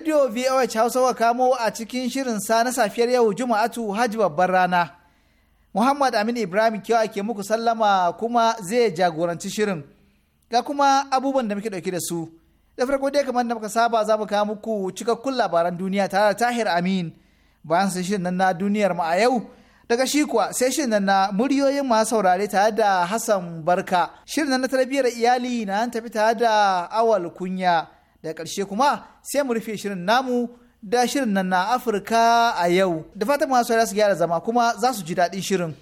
Radio VOH Hausa wa kamo a cikin shirin sa na safiyar yau Juma'atu Hajji babbar rana. Muhammad Amin Ibrahim kyau ake muku sallama kuma zai jagoranci shirin. Ga kuma abubuwan da muke ɗauke da su. Da farko dai kamar da muka saba za mu kawo muku cikakkun labaran duniya tare da Tahir Amin. Bayan sai shirin nan na duniyar mu a yau. Daga shi kuwa sai shirin nan na muryoyin masu saurare tare da Hassan Barka. Shirin nan na tarbiyyar iyali na tafi tare da Awal Kunya. da ƙarshe kuma sai mu rufe shirin namu da shirin nan na afirka a yau da fatan masu su gyara zama kuma za su ji daɗin shirin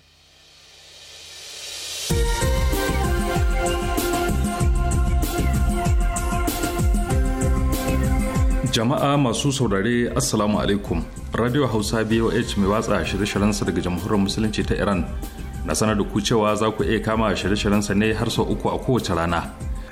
jama'a masu saurare assalamu alaikum radio hausa boh mai watsa shirye-shiryensa daga jamhuriyar musulunci ta iran na sanar da ku cewa za ku iya kama shirye-shiryensa ne har sau uku a kowace rana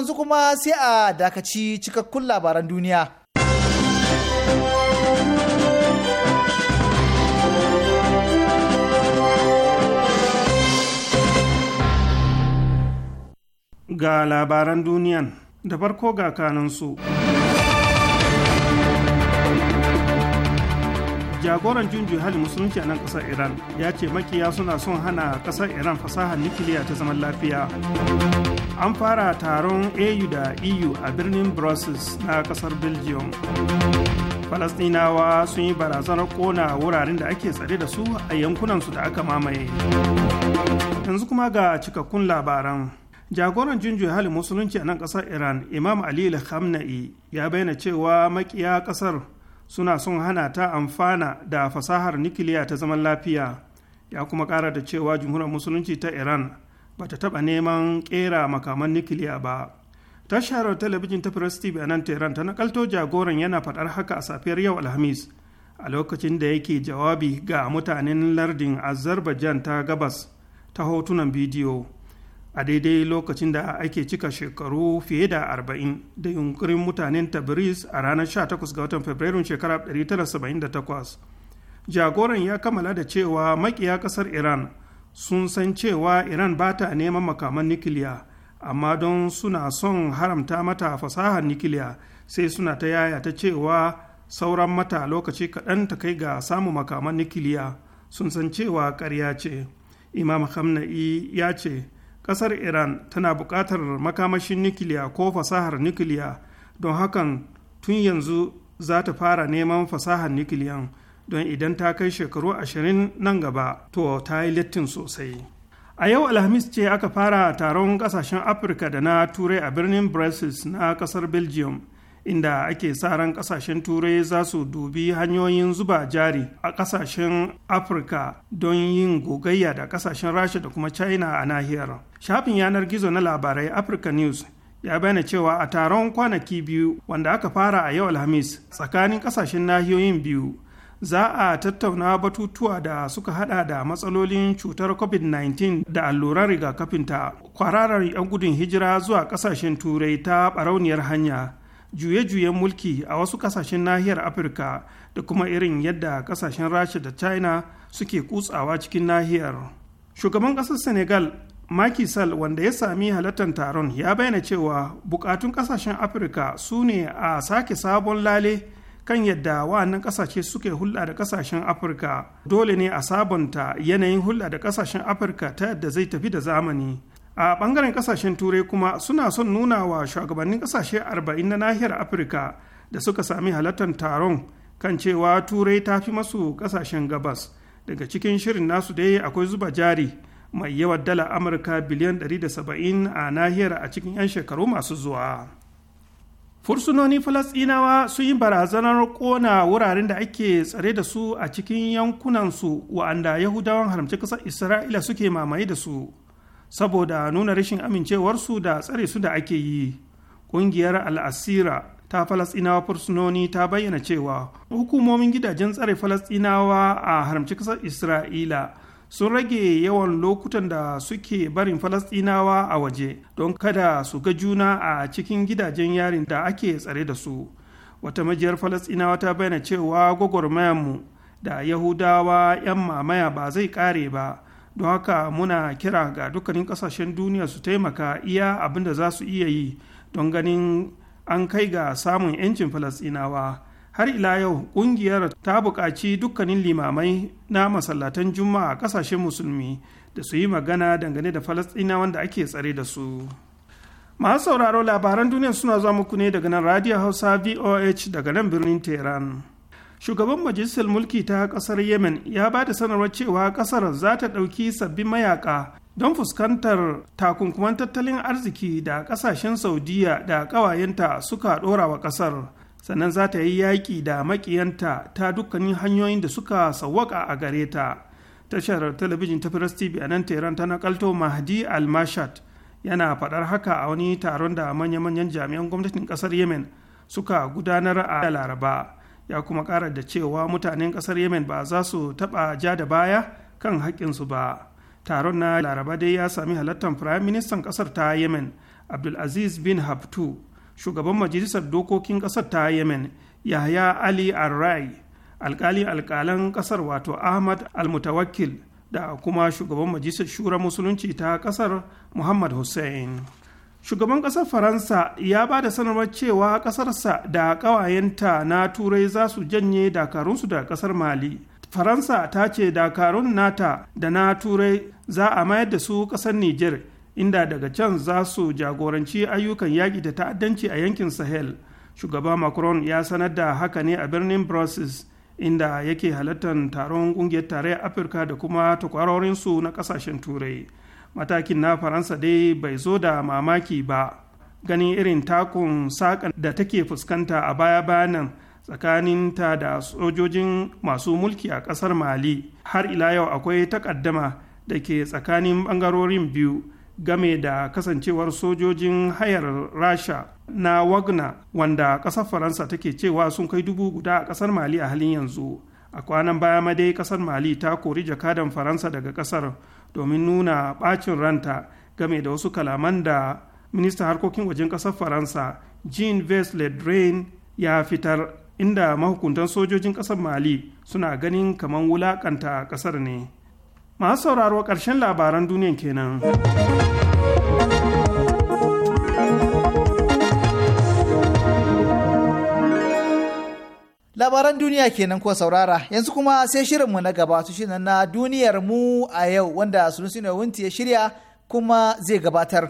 yanzu kuma sai a dakaci cikakkun labaran duniya. Ga labaran duniyan da farko ga kanansu. jagoran junju hali musulunci a nan ƙasar iran ya ce makiya suna son hana ƙasar iran fasahar nukiliya ta zaman lafiya an fara taron au da eu a birnin brussels na kasar belgium falasdinawa sun yi barazanar kona wuraren da ake tsare da su a yankunansu da aka mamaye yanzu kuma ga cikakkun labaran jagoran junju halin musulunci a nan kasar iran imam ali khamna'i ya bayyana cewa makiya kasar suna son hana ta amfana da fasahar nikiliya ta zaman lafiya ya kuma kara da cewa jumhuriyar musulunci ta iran ba ta taɓa neman ƙera makaman nukiliya ba tasharar talabijin ta press tv a nan tehran ta nakalto jagoran yana faɗar haka a safiyar yau alhamis a lokacin da yake jawabi ga mutanen lardin azerbaijan ta gabas ta hotunan bidiyo a daidai lokacin da ake cika shekaru fiye da arba'in da yunkurin mutanen tabriz a ranar 18 ga watan fabrairun shekara 1978 jagoran ya kammala da cewa makiya kasar iran sun san cewa iran ba ta neman makaman nikiliya amma don suna son haramta mata fasahar nikiliya sai suna ta yaya ta cewa sauran mata lokaci kaɗan ta kai ga samun makaman nikiliya sun san cewa ƙarya ce imam hamna'i ya ce ƙasar iran tana buƙatar makamashin nikiliya ko fasahar nikiliya don hakan tun yanzu za ta fara neman fasahar nikiliyan don idan ta kai shekaru ashirin nan gaba to ta yi littin sosai a yau alhamis ce aka fara taron kasashen afirka da na turai a birnin brussels na kasar belgium inda ake sa ran kasashen turai za su dubi hanyoyin zuba jari a kasashen afirka don yin gogayya da kasashen rasha da kuma china a nahiyar shafin yanar gizo na labarai africa news ya bayyana cewa a taron kwanaki biyu wanda aka fara a yau alhamis tsakanin kasashen nahiyoyin biyu za a tattauna batutuwa da suka hada da matsalolin cutar covid-19 da alluran rigakafinta kwararar 'yan gudun hijira zuwa kasashen turai ta barauniyar hanya juye-juyen mulki a wasu kasashen nahiyar afirka da kuma irin yadda kasashen rasha da china suke kutsawa cikin nahiyar shugaban kasar senegal Macky Sall wanda ya sami halartar taron ya bayyana cewa bukatun kasashen Afirka su ne a sake sabon lale kan yadda wa'annan kasashe suke hulɗa da kasashen afirka dole ne a sabonta yanayin hulɗa da kasashen afirka ta yadda zai tafi da zamani a ɓangaren kasashen turai kuma suna son nuna wa shugabannin kasashe arba'in na nahiyar afirka da suka sami halartar taron kan cewa turai ta fi masu kasashen gabas daga cikin shirin nasu dai akwai zuba jari mai yawan dala amurka biliyan 170 a nahiyar a cikin 'yan shekaru masu zuwa. fursunoni falasɗinawa sun yi barazanar kona wuraren da ake tsare da su a cikin yankunansu wa'anda yahudawan haramci ƙasar isra'ila suke mamaye da su saboda nuna rashin amincewarsu da tsare su da ake yi ƙungiyar al'asira ta falasɗinawa fursunoni ta bayyana cewa hukumomin gidajen tsare falasɗinawa a haramci ƙasar isra'ila sun rage yawan lokutan da suke barin falasɗinawa a waje don kada su ga juna a cikin gidajen yarin da ake tsare da su wata majiyar falasɗinawa ta bayyana cewa mu da yahudawa 'yan mamaya ba zai kare ba don haka muna kira ga dukkanin ƙasashen duniya su taimaka iya abin da za su iya yi don ganin an kai ga samun 'yancin falasɗinawa har ila yau kungiyar ta buƙaci dukkanin limamai na masallatan juma'a a ƙasashen musulmi da su yi magana dangane da falasɗina wanda ake tsare da su masu sauraro labaran duniya suna zuwa muku ne daga nan radio hausa voh daga nan birnin tehran shugaban majalisar mulki ta kasar yemen ya ba da sanarwar cewa kasar za ta ɗauki sabbin mayaka don fuskantar takunkuman tattalin arziki da kasashen saudiya da ƙawayenta suka ɗora wa ƙasar sannan za ta yi yaƙi da maƙiyanta ta dukkanin hanyoyin da suka sawwaƙa a gare ta tashar talabijin ta firas tv a nan teran ta nakalto mahdi almashat yana faɗar haka a wani taron da manya-manyan jami'an gwamnatin ƙasar yemen suka gudanar a laraba ya kuma ƙara da cewa mutanen ƙasar yemen ba za su taɓa ja da baya kan haƙƙinsu ba taron na laraba dai ya sami halartar firayim ministan ƙasar ta yemen abdulaziz bin habtu shugaban majalisar dokokin ƙasar ta yemen yahya ali arrai alkali alkalan ƙasar wato ahmad almutawakkil da kuma shugaban majalisar shura musulunci ta ƙasar muhammad hussein shugaban ƙasar faransa ya ba da sanarwar cewa ƙasarsa da ƙawayenta na turai za su janye dakarunsu da ƙasar mali faransa ta ce dakarun nata da na turai za a mayar da su ƙasar niger inda daga can za su jagoranci ayyukan yaƙi da ta'addanci a yankin sahel shugaba macron ya sanar da haka ne a birnin brussels inda yake halartar taron ƙungiyar tarayyar afirka da kuma takwarorinsu na ƙasashen turai matakin na faransa dai bai zo da mamaki ba ganin irin takun saƙan da take fuskanta a baya bayanan tsakanin ta da sojojin masu mulki a ƙasar mali har ila yau akwai takaddama da ke tsakanin ɓangarorin biyu game da kasancewar sojojin hayar rasha na wagner wanda ƙasar faransa take cewa sun kai dubu guda a ƙasar mali a halin yanzu a kwanan baya madai ƙasar mali ta kori jakadan faransa daga ƙasar domin nuna ɓacin ranta game da wasu kalaman da minista harkokin wajen ƙasar faransa jean ves le drain ya fitar inda mahukuntan sojojin ƙasar mali suna ganin kamar wulaƙanta ƙasar ne masu sauraro ƙarshen labaran duniya kenan. labaran duniya kenan ko saurara yanzu kuma sai shirinmu na gaba su shirin na duniyar mu a yau wanda sunusi wunti ya shirya kuma zai gabatar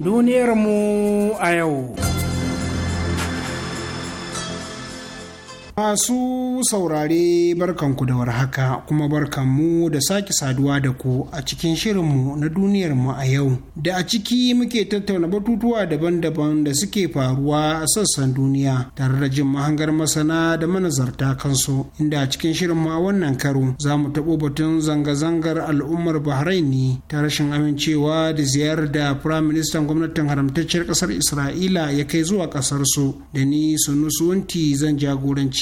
duniyar mu a yau Masu saurare barkanku da warhaka kuma barkanmu da sake saduwa da ku a cikin shirinmu na duniyarmu a yau. Da a ciki muke tattauna batutuwa daban-daban da suke faruwa a sassan duniya tare da jin mahangar masana da manazarta kansu inda a cikin shirinmu a wannan karo za mu taɓo batun zanga-zangar al'ummar Bahrain ne ta rashin amincewa da ziyarar da Firaministan gwamnatin haramtacciyar ƙasar Isra'ila ya kai zuwa ƙasarsu da ni Sunusunti zan jagoranci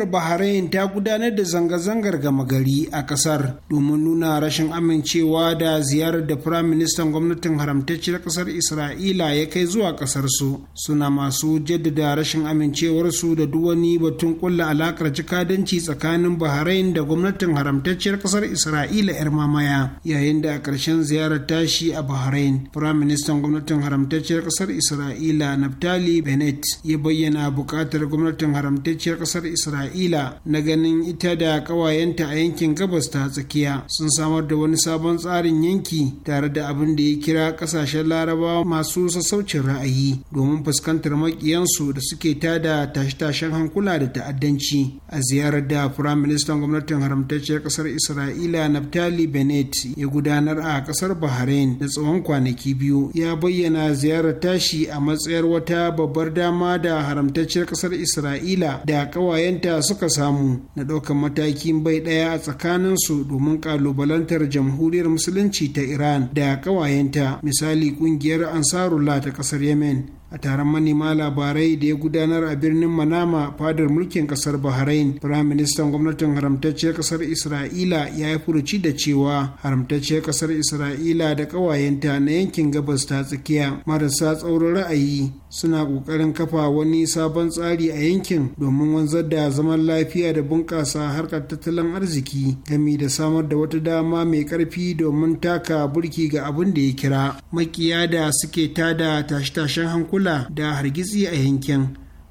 hukumar bahrain ta gudanar da zanga-zangar gama gari a kasar domin nuna rashin amincewa da ziyarar da firaministan gwamnatin haramtacciyar kasar isra'ila ya kai zuwa kasar su suna masu jaddada rashin amincewarsu da duk wani batun kulla alakar jikadanci tsakanin bahrain da gwamnatin haramtacciyar kasar isra'ila yar mamaya yayin da a karshen ziyarar tashi a bahrain firaministan gwamnatin haramtacciyar kasar isra'ila naftali bennett ya bayyana buƙatar gwamnatin haramtacciyar kasar isra'ila isra'ila na ganin ita da ƙawayenta a yankin gabas ta tsakiya sun samar da wani sabon tsarin yanki tare da abin da ya kira ƙasashen larabawa masu sassaucin ra'ayi domin fuskantar maƙiyansu da suke tada tashe-tashen hankula da ta'addanci a ziyarar da firaministan gwamnatin haramtacciyar ƙasar isra'ila naftali bennett ya gudanar a ƙasar bahrain da tsawon kwanaki biyu ya bayyana ziyarar tashi a matsayar wata babbar dama da haramtacciyar ƙasar isra'ila da ƙawayenta suka samu na ɗaukan matakin bai ɗaya a tsakanin su domin ƙalubalantar jamhuriyar musulunci ta iran da ƙawayenta misali ƙungiyar ansarullah ta ƙasar yemen a taron manema labarai da ya gudanar a birnin manama fadar mulkin kasar bahrain firaministan gwamnatin haramtacciyar kasar isra'ila ya yi furuci da cewa haramtacciyar kasar isra'ila da ƙawayenta na yankin gabas ta tsakiya marasa tsaurin ra'ayi suna ƙoƙarin kafa wani sabon tsari a yankin domin wanzar da zaman lafiya da bunƙasa harkar tattalin arziki gami da samar da wata dama mai ƙarfi domin taka burki ga abin da ya kira makiya da suke tada tashe-tashen hankula ebola da hargitsi a yankin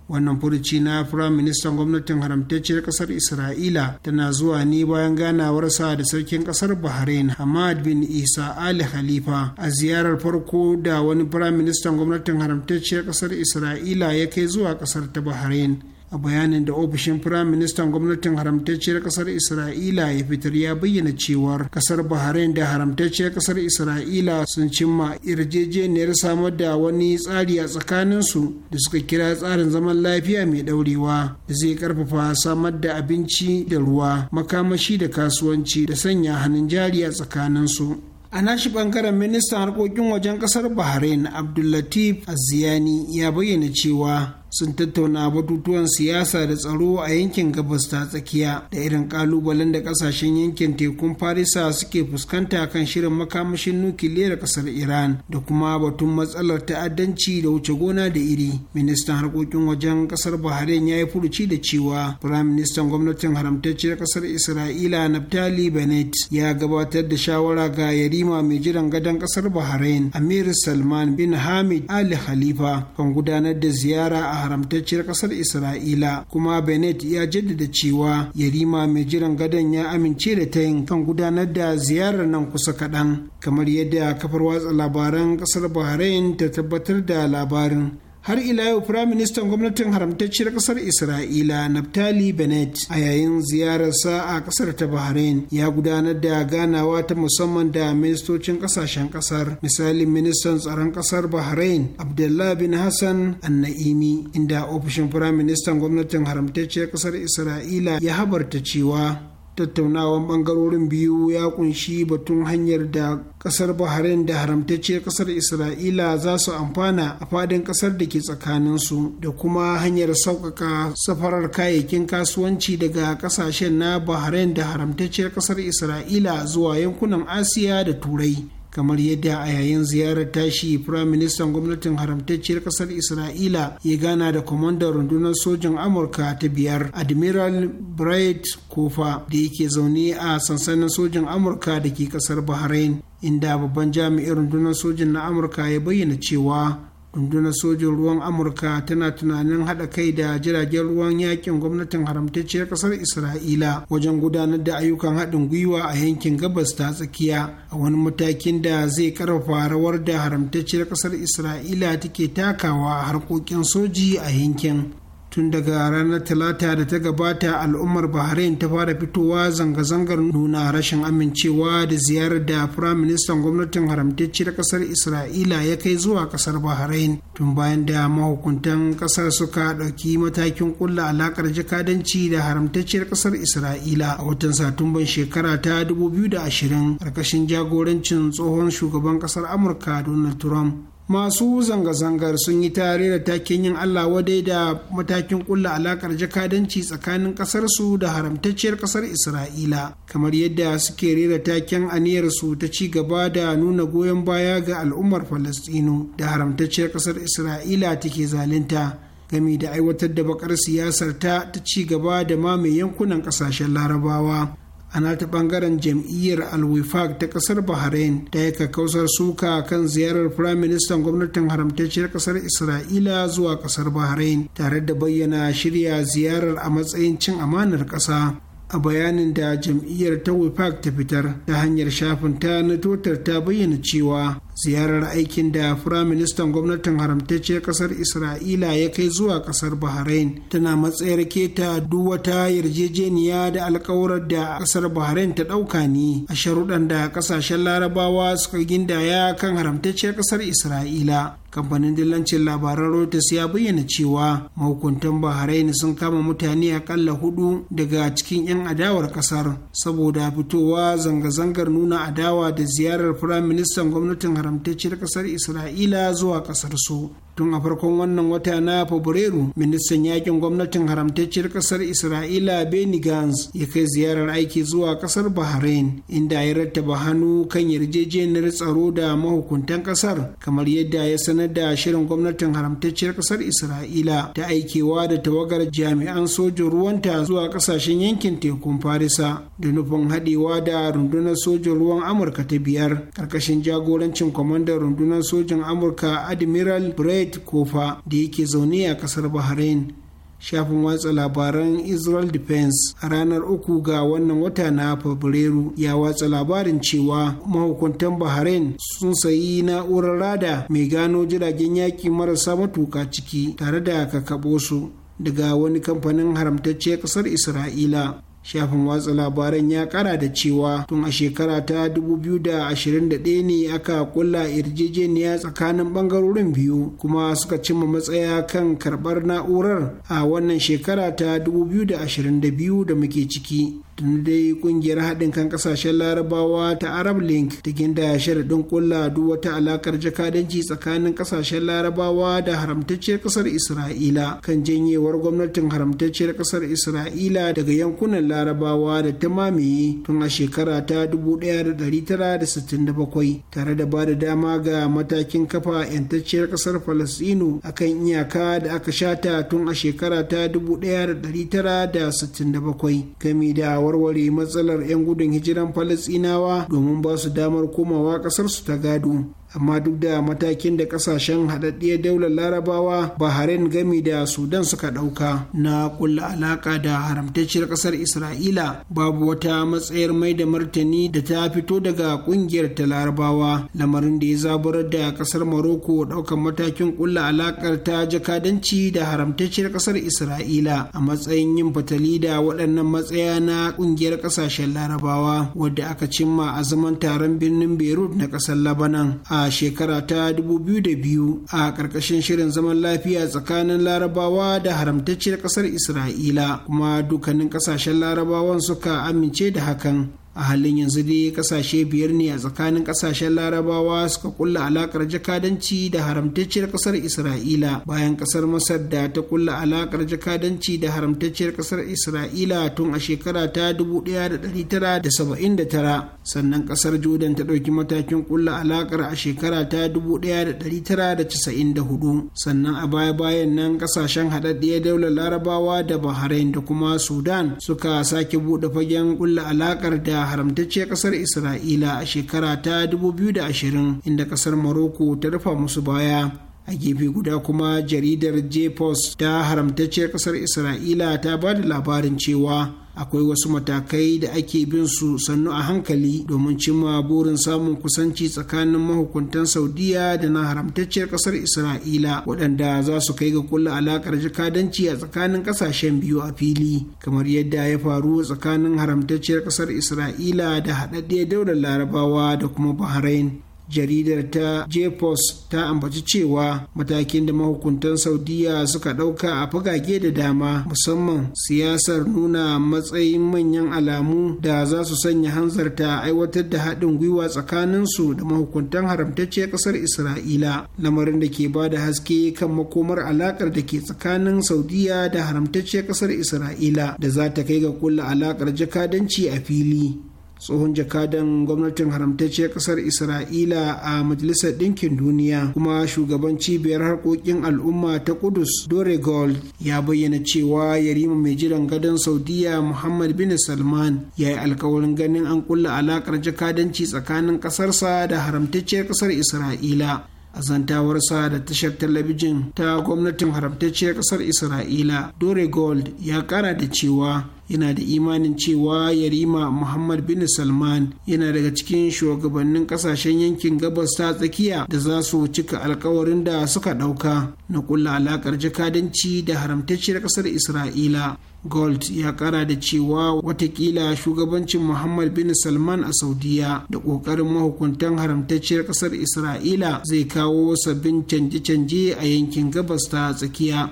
wannan furuci na firayim ministan gwamnatin haramtacciyar kasar isra'ila tana zuwa ne bayan ganawar ganawarsa da sarkin kasar bahrain hamad bin isa ali khalifa a ziyarar farko da wani firayim ministan gwamnatin haramtacciyar kasar isra'ila ya kai zuwa kasar ta bahrain a bayanin da ofishin firaministan gwamnatin haramtacciyar kasar isra'ila ya fitar ya bayyana cewar kasar bahrain da haramtacciyar kasar isra'ila sun cimma yarjejeniyar samar da wani tsari a tsakaninsu da suka kira tsarin zaman lafiya mai daurewa da zai karfafa samar da abinci da ruwa makamashi da kasuwanci da sanya hannun jari a tsakaninsu a nashi bangaren ministan harkokin wajen kasar bahrain abdullatif aziyani ya bayyana cewa sun tattauna batutuwan siyasa da tsaro a yankin gabas ta tsakiya da irin kalubalen da kasashen yankin tekun farisa suke fuskanta kan shirin makamashin nukiliya da kasar iran da kuma batun matsalar ta'addanci da wuce gona da iri ministan harkokin wajen kasar bahrain ya yi furuci da cewa firayim ministan gwamnatin haramtacciyar kasar isra'ila naftali Benet ya gabatar da shawara ga yarima mai jiran gadon kasar bahrain amir salman bin hamid ali khalifa kan gudanar da ziyara a haramtacciyar kasar isra'ila kuma bennett ya jaddada cewa yarima mai jiran gadon ya amince da ta yin kan gudanar da ziyarar nan kusa kaɗan kamar yadda kafar watsa labaran kasar bahrain ta tabbatar da labarin har ila yau firaministan gwamnatin haramtacciyar kasar isra'ila naftali benet a yayin ziyararsa a kasar ta bahrain ya gudanar da ganawa ta musamman da ministocin kasashen kasar misali ministan tsaron kasar bahrain abdullah bin hassan annaimi inda ofishin firaministan gwamnatin haramtacciyar kasar isra'ila ya habarta cewa tattaunawan bangarorin biyu ya kunshi batun hanyar da kasar bahrain da haramtacciyar kasar isra'ila za su amfana a fadin kasar da ke tsakaninsu da kuma hanyar sauƙaƙa safarar kayayyakin kasuwanci daga kasashen na bahrain da haramtacciyar kasar isra'ila zuwa yankunan asiya da turai kamar yadda a yayin ziyarar tashi firaministan gwamnatin haramtacciyar kasar isra'ila ya gana da kwamandan rundunar sojin amurka ta biyar admiral bright kofa da yake zaune a sansanin sojin amurka da ke kasar bahrain inda babban jami'in rundunar sojin na amurka ya bayyana cewa rundunar sojin ruwan amurka tana tunanin haɗa kai da jiragen ruwan yakin gwamnatin haramtacciyar ƙasar isra'ila wajen gudanar da ayyukan haɗin gwiwa a yankin gabas ta tsakiya a wani matakin da zai ƙarfafa rawar da haramtacciyar ƙasar isra'ila take takawa a harkokin soji a yankin tun daga ranar talata da ta gabata al'ummar bahrain ta fara fitowa zanga-zangar nuna rashin amincewa da ziyarar da firaministan gwamnatin haramtacci da kasar isra'ila ya kai zuwa kasar bahrain tun bayan da mahukuntan kasar suka ɗauki matakin kulla alakar jakadanci da haramtacciyar kasar isra'ila a watan satumban shekara ta 2020 ƙarƙashin jagorancin tsohon shugaban kasar amurka donald trump masu zanga-zangar sun yi tare da taken yin Allah wadai da matakin kulla alakar jakadanci tsakanin ƙasarsu da haramtacciyar ƙasar Isra'ila kamar yadda suke rera taken aniyarsu ta ci gaba da nuna goyon baya ga al'ummar Falastinu da haramtacciyar ƙasar Isra'ila take zalunta gami da aiwatar da bakar siyasar ta ta ci gaba da mamaye yankunan ƙasashen larabawa Ana ta bangaren jam'iyyar alwifak ta kasar bahrain ta yi kakkausar suka kan ziyarar firaministan gwamnatin haramtacciyar kasar isra'ila zuwa kasar bahrain tare da bayyana shirya ziyarar a matsayin cin amanar kasa a bayanin da jam'iyyar ta wifak ta fitar ta hanyar shafin ta na totar ta bayyana cewa ziyarar aikin da firaministan gwamnatin haramtacciyar kasar isra'ila ya kai zuwa kasar bahrain tana matsayar keta duk wata yarjejeniya da alkawarar da kasar bahrain ta ɗauka ne a sharuɗan da ƙasashen larabawa suka gindaya kan haramtacciyar kasar isra'ila kamfanin dillancin labaran Reuters ya bayyana cewa mahukuntan Bahrain sun kama mutane akalla hudu daga cikin 'yan adawar kasar saboda fitowa zanga-zangar nuna adawa da ziyarar firaministan gwamnatin haram haramtacciyar ƙasar isra'ila zuwa ƙasar su tun a farkon wannan wata na fabrairu ministan yakin gwamnatin haramtacciyar kasar isra'ila benny gantz ya kai ziyarar aiki zuwa kasar bahrain inda ya rattaba hannu kan yarjejeniyar tsaro da mahukuntan kasar kamar yadda ya sanar da shirin gwamnatin haramtacciyar kasar isra'ila ta aikewa da tawagar jami'an sojin ruwanta zuwa kasashen yankin tekun farisa da nufin haɗewa da rundunar sojin ruwan amurka ta biyar ƙarƙashin jagorancin kwamandan rundunar sojin amurka admiral brett Ahmed kofa da yake zaune a kasar bahrain shafin watsa labaran israel defense a ranar uku ga wannan wata na fabrairu ya watsa labarin cewa mahukuntan bahrain sun sayi na'urar rada mai gano jiragen yaƙi marasa matuka ciki tare da kakabo su daga wani kamfanin haramtacce ƙasar isra'ila shafin watsa labaran ya kara da cewa tun a shekara ta 2021 ne aka kulla yarjejeniya tsakanin bangarorin biyu kuma suka cimma matsaya kan karbar na'urar a wannan shekara ta 2022 da muke ciki tun dai kungiyar haɗin kan ƙasashen larabawa ta arab link ta ginda sharaɗin kulla duk wata alakar jakadanci tsakanin ƙasashen larabawa da haramtacciyar ƙasar isra'ila kan janyewar gwamnatin haramtacciyar ƙasar isra'ila daga yankunan larabawa da ta mamaye tun a shekara ta 1967 tare da ba da dama ga matakin kafa 'yantacciyar ƙasar falastinu akan iyaka da aka shata tun a shekara ta 1967 gami da warware matsalar 'yan gudun hijiran falasinawa domin ba su damar komawa kasarsu ta gado amma duk da matakin da kasashen haɗaɗɗiyar daular larabawa bahrain gami da sudan suka ɗauka na kulla alaƙa da haramtacciyar ƙasar isra'ila babu wata matsayar mai da martani da ta fito daga ƙungiyar ta larabawa lamarin da ya zaburar da ƙasar maroko ɗaukar matakin kulla alaƙar ta jakadanci da haramtacciyar ƙasar isra'ila a matsayin yin fatali da waɗannan matsaya na ƙungiyar ƙasashen larabawa wadda aka cimma a zaman taron birnin beirut na ƙasar labanan a a shekara ta 2002 a ƙarƙashin shirin zaman lafiya tsakanin larabawa da haramtacciyar ƙasar isra'ila kuma dukkanin ƙasashen larabawan suka amince da hakan a halin yanzu dai kasashe biyar ne a tsakanin kasashen larabawa suka kulla alakar jakadanci da haramtacciyar kasar isra'ila bayan kasar masar da ta kulla alakar jakadanci da haramtacciyar kasar isra'ila tun a shekara ta 1979 sannan kasar jordan ta ɗauki matakin kulla alakar a shekara ta 1994 sannan a baya-bayan nan kasashen haɗaɗɗiyar daular larabawa da bahrain da kuma sudan suka sake buɗe fagen kulla alakar da haramtacciyar kasar isra'ila a shekara ta 2020 inda kasar morocco ta rufa musu baya a gefe guda kuma jaridar J-Post ta haramtacciyar kasar isra'ila ta ba da labarin cewa akwai wasu matakai da ake bin su sannu a hankali domin cimma burin samun kusanci tsakanin mahukuntan saudiya da na haramtacciyar kasar isra'ila waɗanda za su kai ga kulla alaƙar jakadanci a tsakanin ƙasashen biyu a fili kamar yadda ya faru tsakanin haramtacciyar kasar isra'ila da haɗaɗɗiyar daular larabawa da kuma bahrain jaridar ta jepos ta ambaci cewa matakin da mahukuntan saudiya suka ɗauka a fagage da dama musamman siyasar nuna matsayin manyan alamu da za su sanya hanzarta aiwatar da haɗin gwiwa tsakaninsu da mahukuntan haramtacciyar ƙasar isra'ila lamarin da ke ba da haske kan makomar alaƙar da ke tsakanin saudiya da haramtacciyar ƙasar isra'ila da za ta kai ga kulla alaƙar jakadanci a fili tsohon jakadan gwamnatin haramtacciyar kasar isra'ila a majalisar ɗinkin duniya kuma shugaban cibiyar harkokin al'umma ta kudus dore gold ya bayyana cewa yarima mai jiran gadon saudiya muhammad bin salman ya yi alkawarin ganin an kulla alakar jakadanci tsakanin kasarsa da haramtacciyar kasar isra'ila a zantawarsa da tashar talabijin ta gwamnatin haramtacciyar kasar isra'ila dore gold ya kara da cewa yana da imanin cewa yarima muhammad bin salman yana daga cikin shugabannin kasashen yankin gabas ta tsakiya da za su cika alkawarin da suka ɗauka na kulla alakar jakadanci da haramtacciyar ƙasar isra'ila gold ya kara da cewa watakila shugabancin muhammad bin salman a saudiya da ƙoƙarin mahukuntan haramtacciyar ƙasar isra'ila zai kawo sabbin canje-canje a yankin gabas ta tsakiya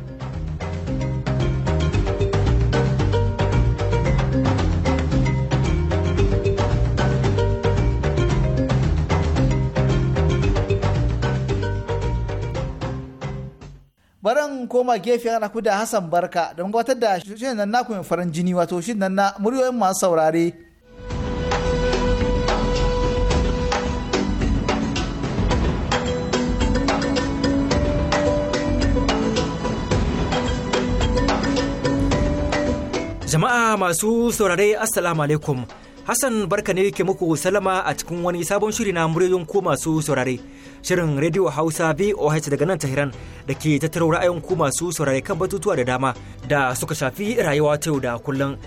baran koma gefe ana ku da Hassan Barka don gabatar da shirin nan naku mai farin jini wato shin nan na muryoyin masu saurare. Jama'a masu saurare Assalamu alaikum. Hassan barka ne ke muku salama a cikin wani sabon shiri na muryoyin ku masu saurare. Shirin Radio Hausa VOH daga nan Tahiran da ke tattaro ra'ayin ku masu saurare kan batutuwa da dama da suka shafi rayuwa ta yau da kullum.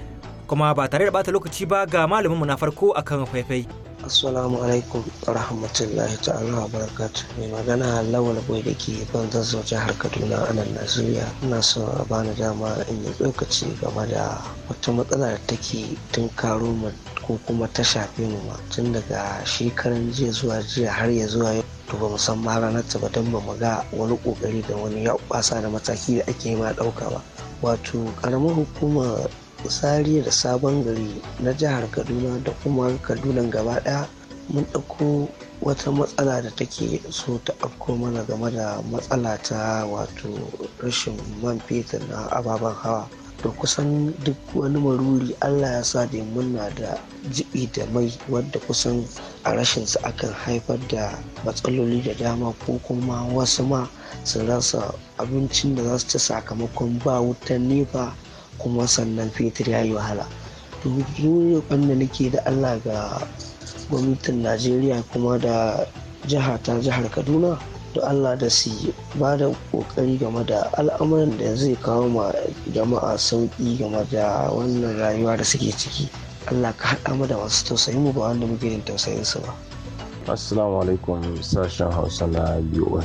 Kuma ba tare da bata lokaci ba ga malamin mu na farko akan faifai. Assalamu alaikum rahmatullahi ta'ala wa barakatu. Mai magana lawal bai da ke ban zazzau jihar Kaduna a nan Najeriya. Ina so a bani dama in yi tsokaci game da wata matsala da take tun karo mu ko kuma ta shafe mu ma tun daga shekaran jiya zuwa jiya har ya zuwa yau. to ba san ma ranar ta ba don ba mu ga wani kokari da wani ya kwasa da mataki da ake ma ɗauka ba. Wato karamar hukumar tsari da sabon gari na jihar kaduna da kuma kaduna gaba daya mun ɗauko wata matsala da take so ta afko mana game da matsala ta wato rashin man fetur na ababen hawa to kusan duk wani maruri allah ya sa da muna da jibi da mai wadda kusan a rashin su akan haifar da matsaloli da dama ko kuma wasu ma su rasa abincin da za su ci sakamakon ba wutan nefa kuma sannan fetur ya yi wahala to wanda nake da allah ga gwamnatin najeriya kuma da jiha ta jihar kaduna da allah da su ba da kokari game da al'amuran da zai kawo ma jama'a sauki game da wannan rayuwa da suke ciki allah ka haɗa mu da masu tausayin mu ba wanda muke yin tausayin su ba Assalamu alaikum sashen Hausa na biyu BOH.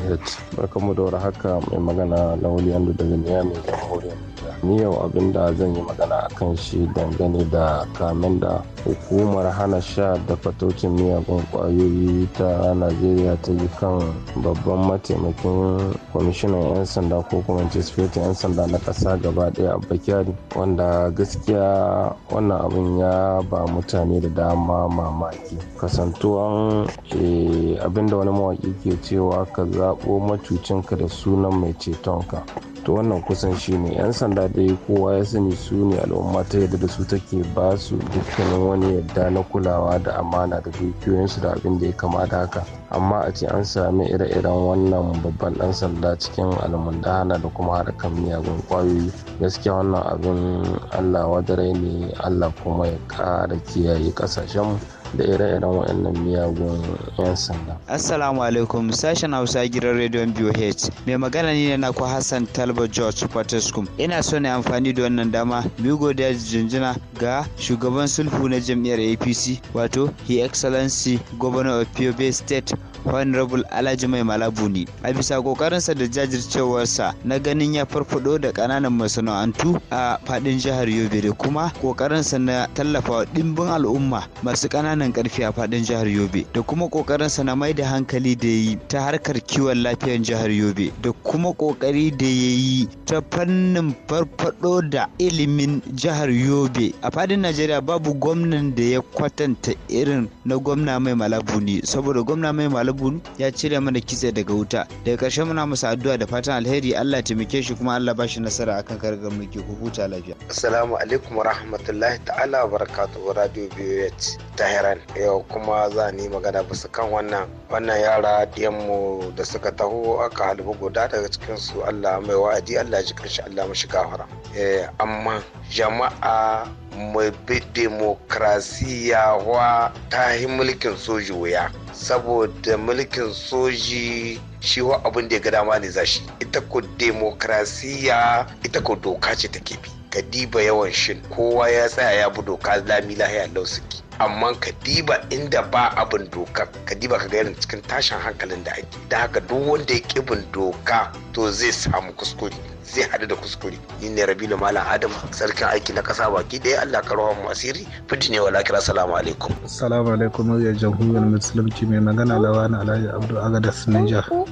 Barkamu da haka mai magana wani andu daga Miami, Jamhuriyar ni yau abin da zan yi magana a kan shi dangane da kamen da hukumar hana sha da fatokin miyagun kwayoyi ta najeriya ta yi kan babban mataimakin kwamishinan 'yan sanda ko kuma cisfetin 'yan sanda na kasa gaba daya abakiyari wanda gaskiya wannan abin ya ba mutane da dama mamaki kasantuwan eh, abinda wani mawaki ke cewa ka zaɓo matucinka da sunan mai cetonka to wannan kusan shi ne 'yan sanda dai kowa ya sani su ne al'umma ta yadda da su take ba su dukkanin wani yadda na kulawa da amana da dukiyoyinsu da abin da ya kamata haka amma a ce an sami ire-iren wannan babban dan sanda cikin almundana da kuma harkar miyagun kwayoyi gaskiya wannan abin allah wadarai ne allah kuma ya kara kiyaye kasashenmu da ire-iren waɗannan miyagun 'yan sanda. Assalamu alaikum sashen Hausa gidan rediyon BOH. Mai magana ne na ku Hassan Talba George Fortescue. Ina so ne amfani da wannan dama mu godiya jinjina ga shugaban sulhu na jam'iyyar APC wato His Excellency Governor of Piobe State Honorable Alhaji Mai Malabuni. A bisa kokarinsa da jajircewarsa na ganin ya farfado da ƙananan masana'antu a faɗin jihar Yobe da kuma kokarinsa na tallafa wa ɗimbin al'umma masu ƙananan ƙananan ƙarfi a faɗin jihar Yobe da kuma sa na mai da hankali da ya yi ta harkar kiwon lafiyar jihar Yobe da kuma ƙoƙari da ya yi ta fannin farfaɗo da ilimin jihar Yobe. A faɗin Najeriya babu gwamnan da ya kwatanta irin na gwamna mai malabuni saboda gwamna mai malabuni ya cire mana kitse daga wuta. Daga ƙarshe muna masa addu'a da fatan alheri Allah taimake shi kuma Allah ba shi nasara akan kargar mulki ku huta lafiya. Assalamu alaikum wa rahmatullahi ta'ala wa barakatuhu radio BOH. Tahira ibrahim yau kuma za ni magana bisa kan wannan wannan yara diyanmu da suka taho aka halbu guda daga cikinsu allah mai wa'adi allah ji karshe allah mashi gafara eh, amma jama'a mai demokrasiya wa ta yi mulkin soji wuya saboda mulkin soji shi wa abin da ya ga dama ne zashi ita ko demokrasiya ita ko doka ce take bi ka diba yawan shin kowa ya tsaya ya bi doka lami lahiya lausuki amma ka diba inda ba abin doka ka diba ka ga cikin tashin hankalin da ake da haka duk wanda ya kibin doka to zai samu kuskure zai hadu da kuskure ni ne rabi malam adam sarkin aiki na kasa baki ɗaya allah ka rawa masiri asiri fiti ne wa lakira salamu alaikum salamu alaikum ya jamhuriyar musulunci mai magana lawan alhaji abdu agadas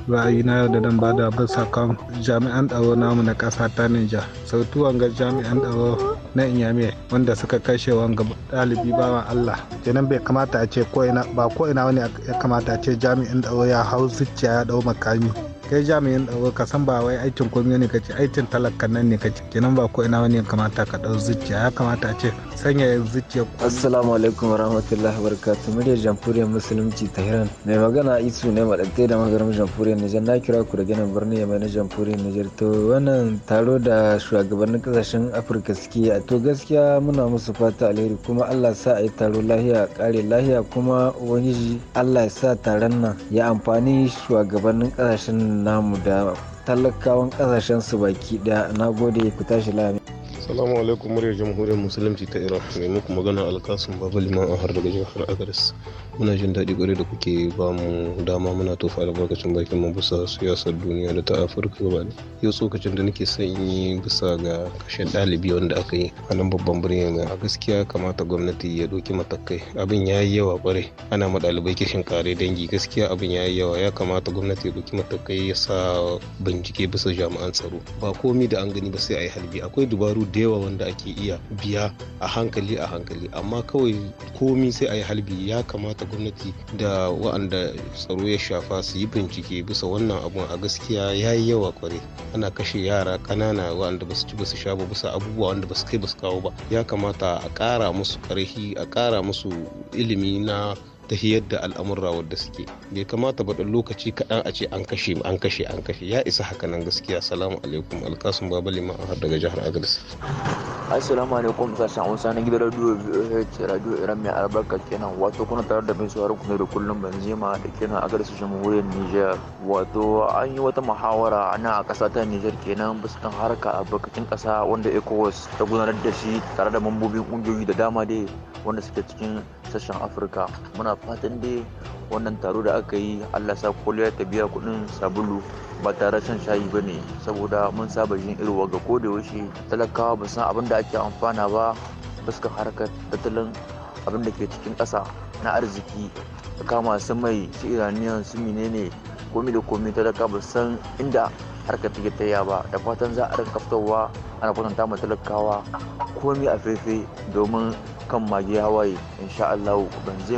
ra'ayi na yau da dan bada bisa kan jami'an tsaro namu na kasa ta nija sautuwan ga jami'an tsaro na inyame wanda suka kashe wanga ɗalibi bawan allah kenan bai kamata a ce ko ina ba ko ina wani ya kamata a ce jami'an tsaro ya hau zuciya ya dau makami kai jami'in tsaro ka san ba wai aikin komai ne kace aikin talaka nan ne kace kenan ba ko ina wani kamata ka dau zuciya ya kamata a ce sanya zuciya assalamu alaikum warahmatullahi wabarakatuh muryar jamhuriyar musulunci ta hiran mai magana isu ne madaddai da magarin jamhuriyar niger na kira ku da ganin birni mai na jamhuriyar Nijar to wannan taro da shugabannin kasashen Afirka suke a to gaskiya muna musu fata alheri kuma Allah sa a yi taro lahiya kare lahiya kuma wani Allah ya sa taron nan ya amfani shugabannin kasashen namu da talakawan kasashen su baki daya na gode ku tashi lami salamu alaikum muryar jamhuriyar musulunci ta Iran mai muku magana alkasun babu liman har daga jihar Agaris. Muna jin daɗi kwarai da kuke ba mu dama muna tofa albarkacin bakin mu bisa siyasar duniya da ta Afirka ne Yau tsokacin da nake son yi bisa ga kashe ɗalibi wanda aka yi a nan babban birnin a gaskiya kamata gwamnati ya ɗauki matakai abin ya yi yawa kwarai ana ma ɗalibai kishin kare dangi gaskiya abin ya yi yawa ya kamata gwamnati ya ɗauki matakai ya sa bincike bisa jami'an tsaro ba komi da an gani ba sai a yi halbi akwai dubaru da yawa wanda ake iya biya a hankali a hankali amma kawai komi sai a yi halbi ya kamata gwamnati da wa'anda tsaro ya shafa su yi bincike bisa wannan abun a gaskiya ya yi yawa kwarai ana kashe yara ƙanana wa'anda ba su ci ba su sha ba bisa abubuwa wanda ba su kai ba su kawo ba ya kamata a ƙara musu ƙarfi a ƙara musu ilimi na tahiyar yadda al'amurra wadda suke bai kamata ba dan lokaci kaɗan a ce an kashe an kashe an kashe ya isa haka nan gaskiya salamu alaikum alkasun baba liman har daga jihar agris assalamu alaikum sashen hausa na gidan radio radio iran mai albarka kenan wato kuna tare da mai sauraron kuma da kullum banzema da kenan agadis jamhuriyar nijar wato an yi wata muhawara a nan a ƙasa ta niger kenan bisa kan harka albarkacin ƙasa wanda ecowas ta gudanar da shi tare da mambobin ƙungiyoyi da dama dai wanda suke cikin sashen afirka muna fatan dai wannan taro da aka yi allah sa kwallo ta biya kudin sabulu ba tare shan shayi ba ne saboda mun saba jin irwa ga koda yaushe talakawa ba san abin da ake amfana ba fuskar harkar tattalin abin da ke cikin ƙasa na arziki kama sun mai su iraniyan su menene komi da komi talaka ba san inda harkar tikitaya ba da fatan za a rinka fitowa ana ta ma talakawa komai a fefe domin kan magi hawaye insha Allah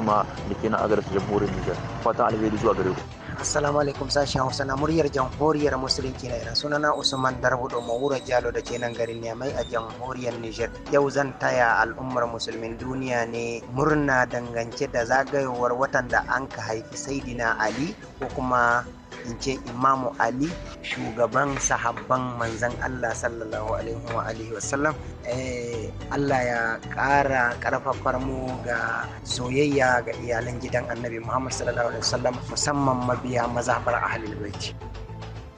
ma da ke na agarta jamhuriyar Nijar fatan alheri zuwa gare ku Assalamu alaikum sashen Hausa na muryar jamhuriyar musulunci na Iran sunana Usman Darbudo Mawura Jalo da ke nan garin Niamey a jamhuriyar Nijar. Yau zan taya al'ummar musulmin duniya ne murna dangance da zagayowar watan da an ka haifi Saidina Ali ko kuma in ce imamu ali shugaban sahabban manzan allah sallallahu alaihi wa alihi wasallam eh, allah ya ƙara ƙarfafar mu ga soyayya ga iyalan gidan annabi muhammad sallallahu alaihi wasallam musamman mabiya mazhabar ahlul baiti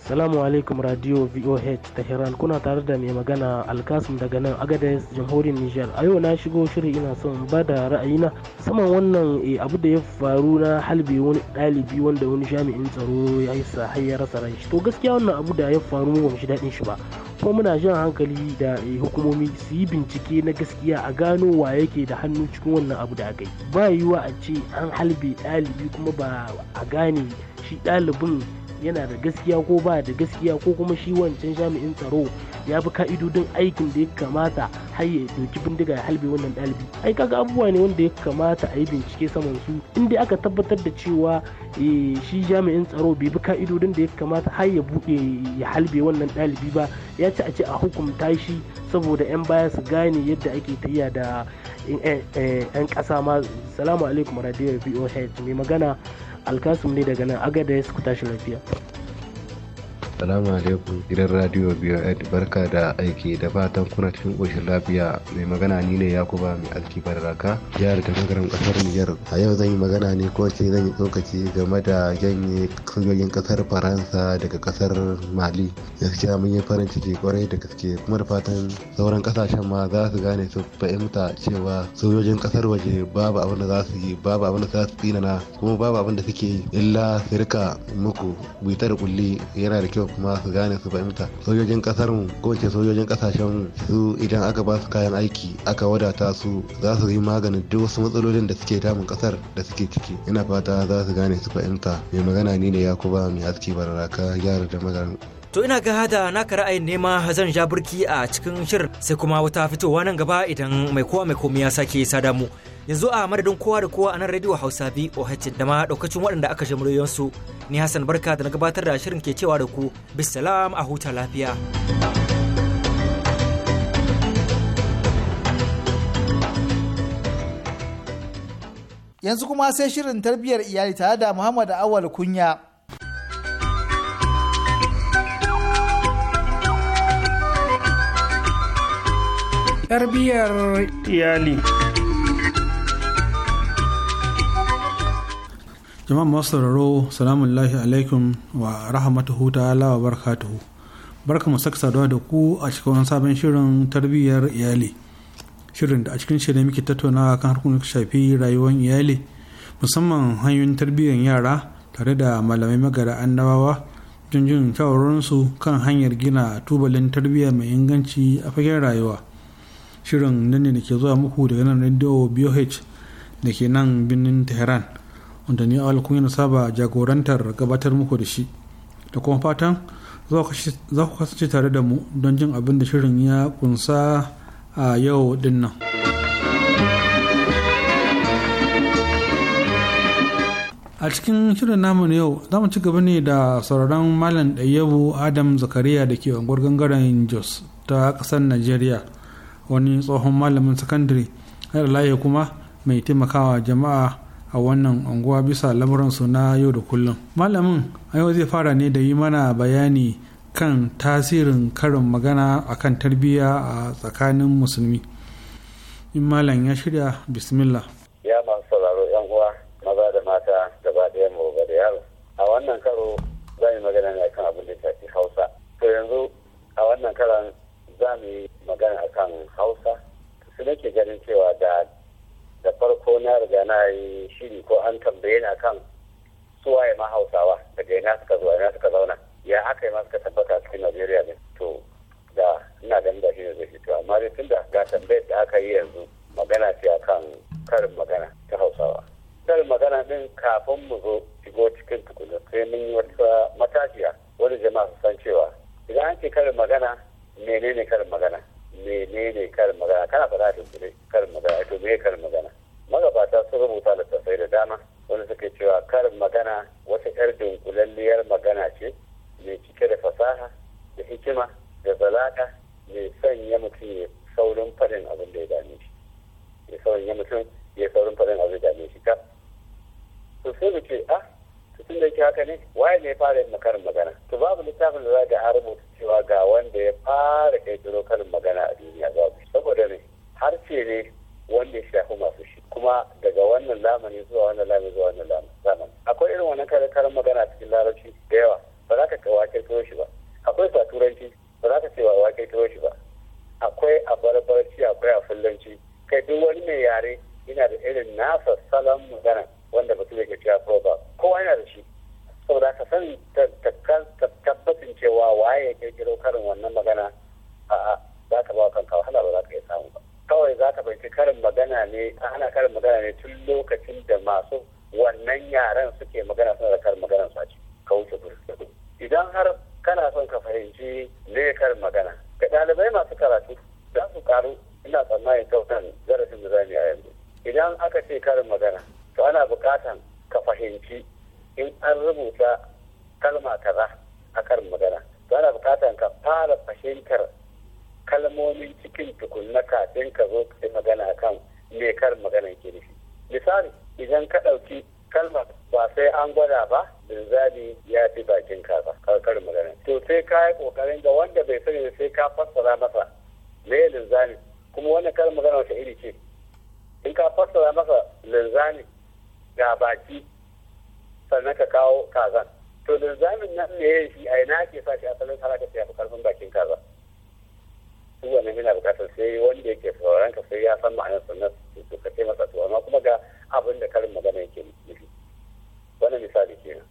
Salamu alaikum Radio VOH Tehran kuna tare da mai magana Alkasim daga nan Agadez Jamhuriyar Nijar. A yau na shigo shiri ina son ba da ra'ayina saman wannan eh, abu da ya faru na halbe wani ɗalibi wanda wani jami'in tsaro ya yi har ya rasa ran shi. To gaskiya wannan abu da ya faru mu shi daɗin shi ba. Kuma muna jan hankali da eh, hukumomi su yi bincike na gaskiya a gano wa yake da hannu cikin wannan abu da aka yi. Ba yiwuwa a ce an halbe ɗalibi kuma ba a gane shi ɗalibin yana da gaskiya ko ba da gaskiya ko kuma shi wancan jami'in tsaro ya bi ka'idodin aikin da ya kamata har ya doki bindiga ya halbe wannan ɗalibi ai kaga abubuwa ne wanda ya kamata a yi bincike saman su inda aka tabbatar da cewa eh, shi jami'in tsaro bai bi ka'idodin da ya kamata har ya buɗe ya halbe wannan ɗalibi ba ya ci a ce a hukunta shi saboda 'yan baya su gane yadda ake tayya da 'yan eh, eh, kasa ma salamu alaikum radio voh mai magana alkasum ne daga nan agada ya suku tashi lafiya Salamu alaikum gidan radio BON barka da aiki da fatan kuna cikin ƙoshin lafiya mai magana ni ne Yakuba mai alki baraka jihar da magaran ƙasar Nijar. A yau zan yi magana ne ko ce zan yi tsokaci game da janye sojojin kasar Faransa daga kasar Mali. Gaskiya mun yi farin ciki kwarai da gaske kuma da fatan sauran ƙasashen ma za su gane su fahimta cewa sojojin ƙasar waje babu abin da za su yi babu abin da za su tsinana kuma babu abin da suke yi illa su rika muku bitar kulli yana da kyau kuma su gane su fahimta sojojin kasar mu ko ce sojojin kasashen su idan aka ba su kayan aiki aka wadata su za su yi maganin duk wasu matsalolin da suke damun kasar da suke ciki ina fata za su gane su fahimta mai magana ni ne yakuba mai haske bararaka yara da magana To ina ga hada na naka ra'ayin nema zan ja burki a cikin shirin sai kuma wata fitowa nan gaba idan mai kowa mai komai ya sake sada mu. yanzu a madadin kowa da kowa a nan radio hausa voh da ma daukacin waɗanda aka shi muryoyinsu ni hassan barka da na gabatar da shirin ke cewa da ku bisalam a huta lafiya yanzu kuma sai shirin tarbiyyar iyali tare da muhammad awal kunya tarbiyyar iyali jama'a masu sauraro salamun lahi alaikum wa rahmatuhu alawa wa barakatuhu barka mu saka saduwa da ku a cikin wani sabon shirin tarbiyyar iyali shirin da a cikin shirin muke tattaunawa kan harkokin shafi rayuwar iyali musamman hanyoyin tarbiyyar yara tare da malamai magara annabawa jinjin shawararsu kan hanyar gina tubalin tarbiyya mai inganci a fagen rayuwa shirin nan ne da ke zuwa muku daga nan radio boh da ke nan birnin tehran wanda ni awal yana saba jagorantar gabatar muku da shi da kuma fatan za ku kasance tare da mu don jin abin da shirin ya kunsa a yau din nan a cikin shirin namu na yau za mu ci gaba ne da sauraron malam ɗayyabu adam zakariya da ke unguwar gangaren jos ta ƙasar najeriya wani tsohon malamin sakandare har kuma mai taimakawa jama'a a wannan unguwa bisa lamuransu na yau da kullum malamin a yau zai fara ne da yi mana bayani kan tasirin karin magana a kan tarbiyya a tsakanin musulmi in malam ya shirya bismillah ya man sauraro yan uwa maza da mata gaba ɗaya mu gaba da yaro a wannan karo za mu magana ne akan abin da shafi hausa to yanzu a wannan karan za mu yi magana akan hausa su nake ganin cewa da da farko na riga na yi shiri ko an tambaye ni kan suwaye ma hausawa daga ina suka zuwa ina suka zauna ya haka yi ma suka tabbata cikin najeriya ne to da ina ganin da shi ne zai fito amma dai tun da ga tambayar da aka yi yanzu magana ce akan karin magana ta hausawa karin magana din kafin mu zo shigo cikin tukuna sai mun yi wata matashiya wani jama'a su san cewa idan an ce karin magana menene karin magana menene karin magana kana faɗa da su karin magana to me karin magana magabata sun rubuta littattafai da dama wanda suke cewa karin magana wata yar dunkulalliyar magana ce mai cike da fasaha da hikima da zalaka mai sanya mutum ya saurin faɗin abin da ya dame shi ya saurin mutum ya saurin faɗin abin da ya dame shi ka to sai mu ce ah tun da yake haka ne waye ne ya fara yin karin magana to babu littafin da za ka rubuta cewa ga wanda ya fara ƙirƙiro karin magana a duniya babu saboda ne harshe ne wanda ya shafi masu shi kuma daga wannan lamani zuwa wannan lamani zuwa wannan lamani akwai irin wannan karin magana cikin larabci da yawa ba za ka ga wake kiro shi ba akwai ba turanci ba za ka ce wa wake shi ba akwai a barbarci akwai a fullanci kai duk wani mai yare yana da irin nasa salon magana wanda mutum yake cewa ba kowa yana da shi saboda ka san tabbacin cewa waye ya kirkiro karin wannan magana a'a za ka ba kanka wahala ba za ka iya samu ba kawai za ka fahimci karin magana ne ana karin magana ne tun lokacin da masu wannan yaren suke magana suna da karin magana su a ciki ka wuce idan har kana son ka fahimci ne karin magana ga ɗalibai masu karatu za su karu ina tsammanin kyautan zarafin da za mu a yanzu idan aka ce karin magana to ana bukatan ka fahimci in an rubuta kalma kaza a karin magana to ana bukatan ka fara fahimtar kalmomin cikin tukunna kafin ka zo ka magana kan me karin magana ke nufi misali idan ka ɗauki kalmar ba sai an gwada ba binzali ya fi bakin kaza karin magana to sai ka yi kokarin da wanda bai sani sai ka fassara masa me linzani kuma wannan karin magana wata iri ce in ka fassara masa linzani. ga baki sannan ka kawo kazan to linzamin nan ne shi a ina ke sa shi asalin har aka sai karfin bakin kaza su wannan yana bukatar sai wanda yake sauran ka sai ya san ma'anar sannan su ka ce masa tuwa kuma ga abin da karin magana yake nufi wannan misali kenan.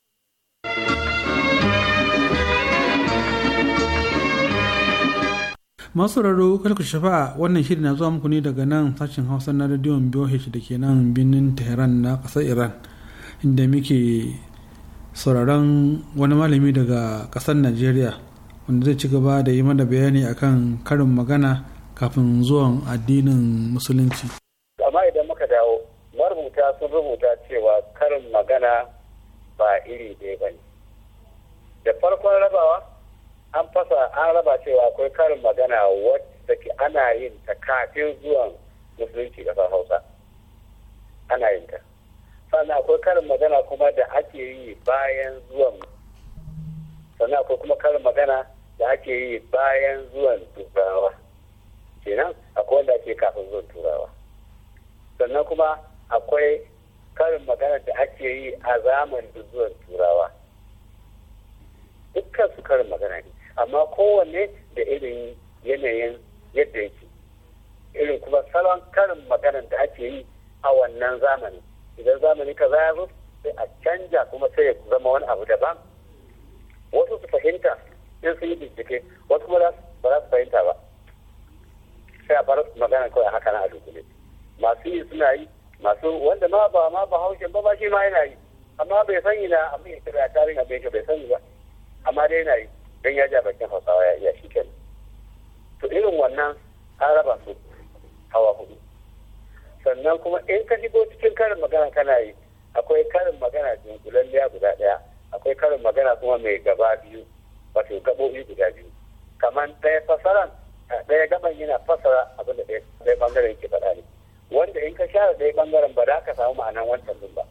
masu raro kalku shafa wannan shirin na zuwa muku ne daga nan sashen hausa na rediyon BOH da ke nan birnin tehran na ƙasar iran inda muke sauraron wani malami daga ƙasar najeriya wanda zai ci gaba da yi mana bayani akan karin magana kafin zuwan addinin musulunci amma idan muka dawo marubuta sun rubuta cewa karin magana ba iri ɗaya ba ne da farkon rabawa an fasa an raba cewa akwai karin magana wadda ke ana yin ta kafin zuwan musulunci da hausa ana yin ta sannan akwai karin magana kuma da ake yi bayan zuwan sannan akwai kuma karin magana da ake yi bayan zuwan turawa kenan akwai wanda ake kafin zuwan turawa sannan kuma akwai karin magana da ake yi a zamanin zuwan turawa dukkan su karin magana ne amma kowanne da irin yanayin yadda yake irin kuma salon karin maganar da ake yi a wannan zamani idan zamani ka zaya zo sai a canja kuma sai ya zama wani abu daban wasu su fahimta in sun yi bincike wasu kuma ba za su fahimta ba sai a bar magana kawai a haka na a dukule masu yi suna yi masu wanda ma ba ma ba haushe ba ba shi ma yana yi amma bai sani na abin ya kira tarin abin ya bai sani ba amma dai yana yi don ya ja bakin hausawa ya iya shi kenan to irin wannan an raba su hawa hudu sannan kuma in ka shigo cikin karin magana kana yi akwai karin magana dunkulalliya guda ɗaya akwai karin magana kuma mai gaba biyu wato gaɓoɓi guda biyu kamar ɗaya fasaran ɗaya gaban yana fasara abin da ɗaya ɓangaren ke faɗa ne wanda in ka share ɗaya ɓangaren ba za ka samu ma'anan wancan din ba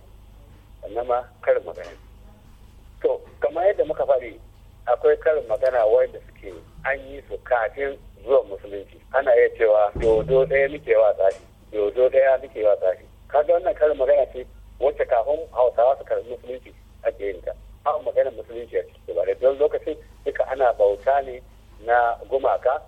sannan ma karin magana to kamar yadda muka faɗi akwai karin magana wanda suke an yi su kafin zuwa musulunci ana iya cewa dodo ɗaya muke wa tsafi dodo ɗaya muke wa tsafi kaga wannan karin magana ce wacce kafin hausawa su karɓi musulunci ake yin ta a' magana musulunci a cikin ba da don lokacin duka ana bauta ne na gumaka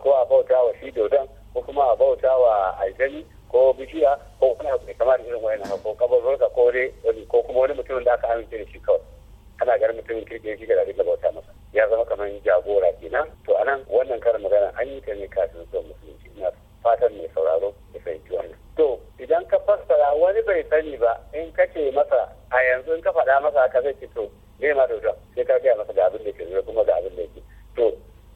ko a bauta wa shi dodon ko kuma a bauta wa aljani ko bishiya ko wani abu da kamar irin wani ko kabarorka ko dai ko kuma wani mutum da aka amince da shi kawai ana ganin mutumin kirkin shi ga da bauta masa ya zama kamar jagora kina to anan wannan karin magana an yi ta ne kafin zuwa musulunci na fatan mai sauraro ya fahimci wannan to idan ka fassara wani bai sani ba in ka ce masa a yanzu in ka faɗa masa ka zai ki to zai ma da sai ka gaya masa da abin da ke zuwa kuma da abin da ke to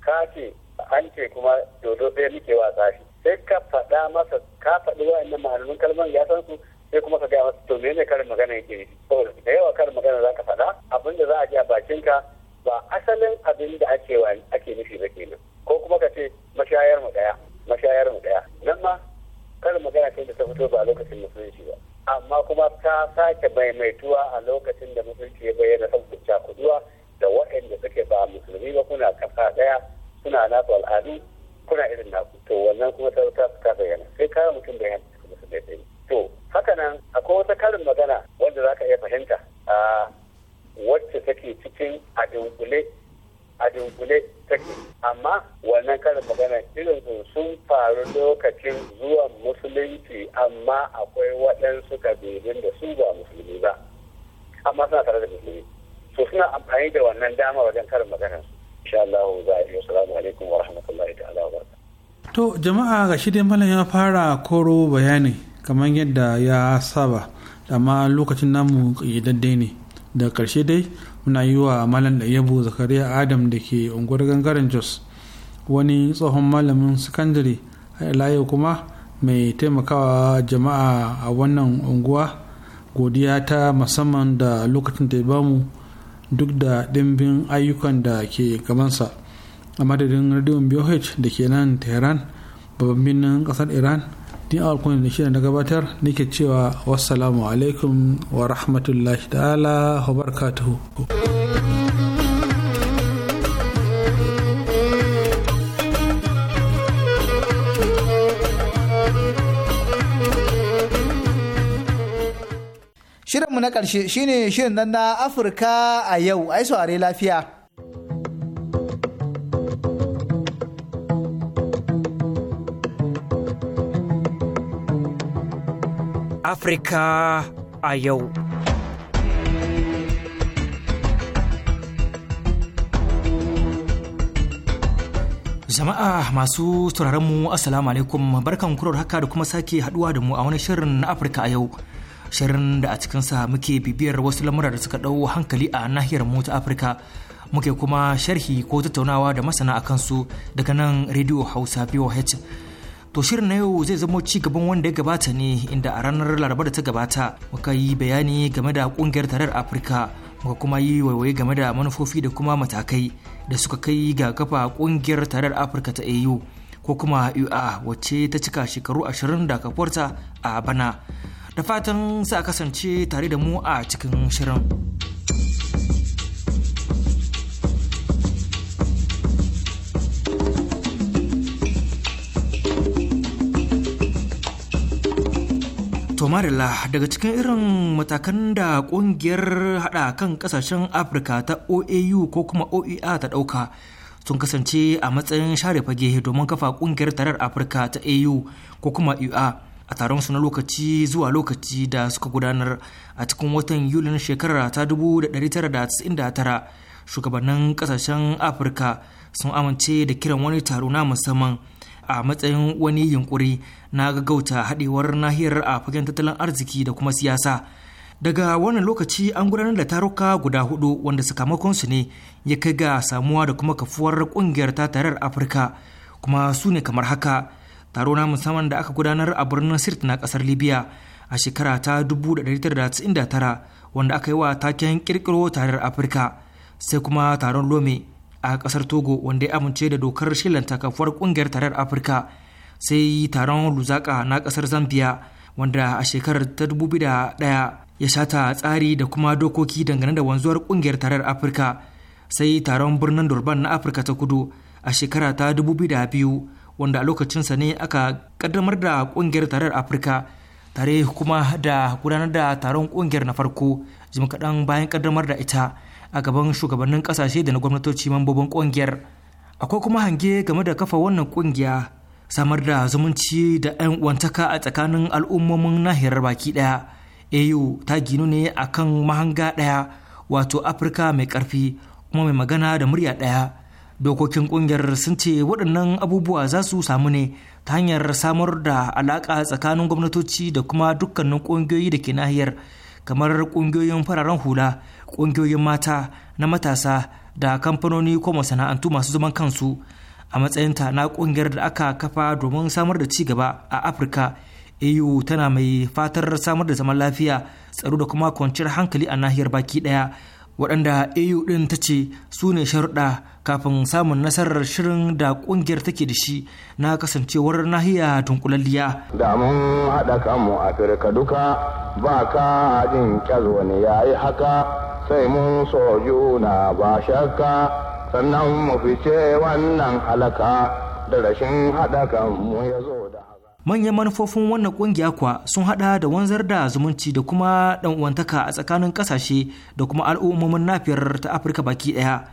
ka ce an ce kuma dodo ɗaya muke wasa shi sai ka faɗa masa ka faɗi wa'annan ma'anonin kalmar ya san su sai kuma ka gaya masa to ne karin magana yake saboda da yawa karin magana za ka faɗa abin da za a ji a bakinka ba asalin abin da ake ake nufi ba kenan ko kuma ka ce mashayar mu daya mashayar mu daya nan ma karin magana ce da ta fito ba a lokacin musulunci ba amma kuma ta sake maimaituwa a lokacin da musulunci ya bayyana saboda kuduwa da waɗanda suke ba musulmi ba kuna kafa daya suna nasu al'adu kuna irin naku to wannan kuma ta ta bayyana sai kare mutum bayan to hakanan akwai wata karin magana wanda za ka iya fahimta a wacce take cikin a dunkule a take amma wannan karin magana irin sun faru lokacin zuwan musulunci amma akwai waɗansu kabilun da su ba musulmi ba amma suna tare da musulmi to suna amfani da wannan dama wajen karin magana insha Allah za a yi assalamu alaikum wa rahmatullahi ta'ala wa barakatuh to jama'a ga shi dai ya fara koro bayani kamar yadda ya saba amma lokacin namu ƙidaddai ne da ƙarshe dai muna yi wa malam da yabo zakariya adam da ke unguwar gangaren jos wani tsohon malamin sakandare layo kuma mai taimakawa jama'a a wannan unguwa godiya ta musamman da lokacin da ya mu duk da ɗimbin ayyukan da ke gabansa a madadin radio bioh da ke nan tehran babban birnin ƙasar iran ni a alkunin ne shi na gabatar nake cewa wassalamu alaikum wa rahmatullahi ta'ala wa barakatuhu Shirinmu na ƙarshe shine shirin nan na Afirka a yau, ai saurare lafiya. Afirka a yau. Jama'a masu sauraron mu Assalamu alaikum barkan kurar haka da kuma sake haduwa da mu a wani shirin na Afirka a yau. Shirin da a cikinsa muke bibiyar wasu lamura da suka ɗau hankali a nahiyar mu ta Afirka. Muke kuma sharhi ko tattaunawa da masana a kansu daga nan Radio Hausa BOH. To shirin na yau zai zamo ci gaban wanda ya gabata ne inda a ranar Laraba da ta gabata muka yi bayani game da kungiyar tarar Afirka muka kuma yi waiwaye game da manufofi da kuma matakai da suka kai ga kafa kungiyar tarar Afirka ta AU ko kuma UA wacce ta cika shekaru ashirin da kafuwarta a bana. Da fatan sa kasance tare da mu a cikin shirin. tomarilla daga cikin irin matakan da kungiyar hada kan kasashen afirka ta oau ko kuma oea ta dauka sun kasance a matsayin share fage domin kafa kungiyar tarar afirka ta au ko kuma ua a taron su na lokaci zuwa lokaci da suka gudanar a cikin watan yulin shekarar ta 1999 shugabannin kasashen afirka sun amince da kiran wani taro na musamman a matsayin wani yunkuri na gaggauta haɗewar nahiyar a fagen tattalin arziki da kuma siyasa daga wannan lokaci an gudanar da taruka guda hudu wanda sakamakonsu ne ya kai ga samuwa da kuma kafuwar kungiyar ta tarar afirka kuma su ne kamar haka taro na musamman da aka gudanar a birnin sirt na kasar libya a shekara ta 1999 wanda aka yi wa taken kirkiro tarar afirka sai kuma taron lome a kasar togo wanda ya amince da dokar shirin takafuwar kungiyar tarayyar afirka sai taron luzaka na kasar zambia wanda a shekarar ta 2001 ya shata tsari da kuma dokoki dangane da wanzuwar kungiyar tarayyar afirka sai taron birnin durban na afirka ta kudu a shekara ta 2002 wanda a lokacinsa ne aka kaddamar da kungiyar tarayyar afirka tare kuma da gudanar da taron kungiyar na farko jim kaɗan bayan kaddamar da ita a gaban shugabannin kasashe da na gwamnatoci mambobin kungiyar akwai kuma hange game da kafa wannan kungiya samar da zumunci da 'yan wantaka a tsakanin al'ummomin nahiyar baki daya au ta ginu ne akan mahanga daya wato afirka mai karfi kuma mai magana da murya daya dokokin kungiyar sun ce waɗannan abubuwa za su samu ne ta hanyar samar da alaƙa tsakanin gwamnatoci da kuma dukkanin ƙungiyoyi da ke nahiyar kamar ƙungiyoyin fararen hula ƙungiyoyin mata na matasa da kamfanoni ko masana'antu masu zaman kansu a matsayinta na ƙungiyar da aka kafa domin samar da ci gaba a afirka eu tana mai fatar samar da zaman lafiya tsaro da kuma kwanciyar hankali a nahiyar baki ɗaya waɗanda au ɗin ta ce su ne sharuɗa kafin samun nasarar shirin da ƙungiyar take da shi na kasancewar nahiya tunkulalliya. da mun haɗa kanmu afirka duka ba ka jin wani ya yi haka sai mun so na ba shakka sannan mu fice wannan halaka da rashin haɗa kanmu ya zo manyan manufofin wannan kungiya kuwa sun hada da wanzar da zumunci da kuma uwantaka a tsakanin ƙasashe da kuma al'ummomin nafiyar ta afirka baki ɗaya